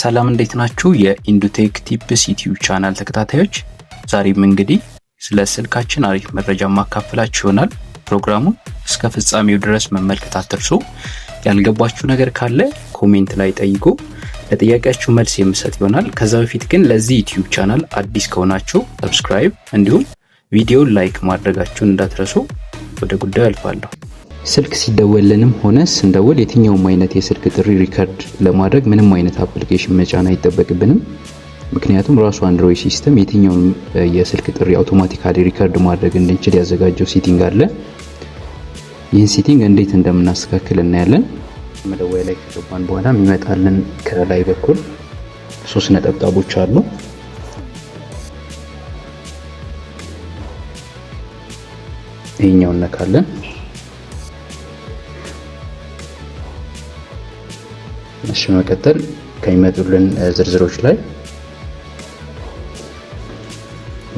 ሰላም እንዴት ናችሁ? የኢንዱቴክ ቲፕስ ዩቲዩብ ቻናል ተከታታዮች፣ ዛሬም እንግዲህ ስለ ስልካችን አሪፍ መረጃ ማካፈላችሁ ይሆናል። ፕሮግራሙን እስከ ፍጻሜው ድረስ መመልከት አትርሱ። ያልገባችሁ ነገር ካለ ኮሜንት ላይ ጠይቁ፣ ለጥያቄያችሁ መልስ የምሰጥ ይሆናል። ከዛ በፊት ግን ለዚህ ዩቲዩብ ቻናል አዲስ ከሆናችሁ ሰብስክራይብ፣ እንዲሁም ቪዲዮን ላይክ ማድረጋችሁን እንዳትረሱ። ወደ ጉዳዩ አልፋለሁ። ስልክ ሲደወልንም ሆነ ስንደውል የትኛውም አይነት የስልክ ጥሪ ሪከርድ ለማድረግ ምንም አይነት አፕሊኬሽን መጫን አይጠበቅብንም። ምክንያቱም ራሱ አንድሮይድ ሲስተም የትኛውን የስልክ ጥሪ አውቶማቲካሊ ሪከርድ ማድረግ እንድንችል ያዘጋጀው ሴቲንግ አለ። ይህን ሴቲንግ እንዴት እንደምናስተካክል እናያለን። መደወያ ላይ ከገባን በኋላ የሚመጣልን ከላይ በኩል ሶስት ነጠብጣቦች አሉ። ይህኛው እነካለን። እሺ መቀጠል ከሚመጡልን ዝርዝሮች ላይ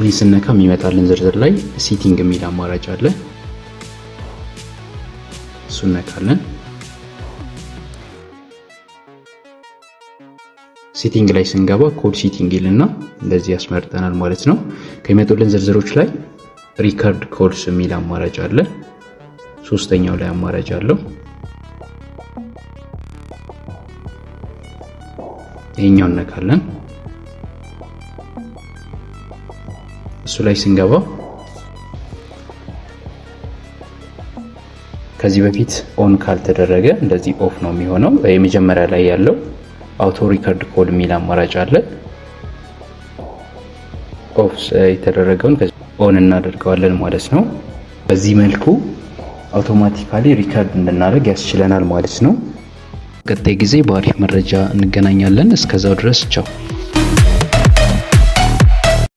ይህ ስነካ የሚመጣልን ዝርዝር ላይ ሲቲንግ የሚል አማራጭ አለ። እሱ ነካለን። ሲቲንግ ላይ ስንገባ ኮድ ሲቲንግ ይልና እንደዚህ ያስመርጠናል ማለት ነው። ከሚመጡልን ዝርዝሮች ላይ ሪከርድ ኮልስ የሚል አማራጭ አለ። ሶስተኛው ላይ አማራጭ አለው። ይሄኛው እነካለን። እሱ ላይ ስንገባ ከዚህ በፊት ኦን ካልተደረገ እንደዚህ ኦፍ ነው የሚሆነው። የመጀመሪያ ላይ ያለው አውቶ ሪከርድ ኮል የሚል አማራጭ አለ። ኦፍ የተደረገውን ኦን እናደርገዋለን ማለት ነው። በዚህ መልኩ አውቶማቲካሊ ሪከርድ እንድናደርግ ያስችለናል ማለት ነው። ቀጣይ ጊዜ በአሪፍ መረጃ እንገናኛለን። እስከዛው ድረስ ቻው።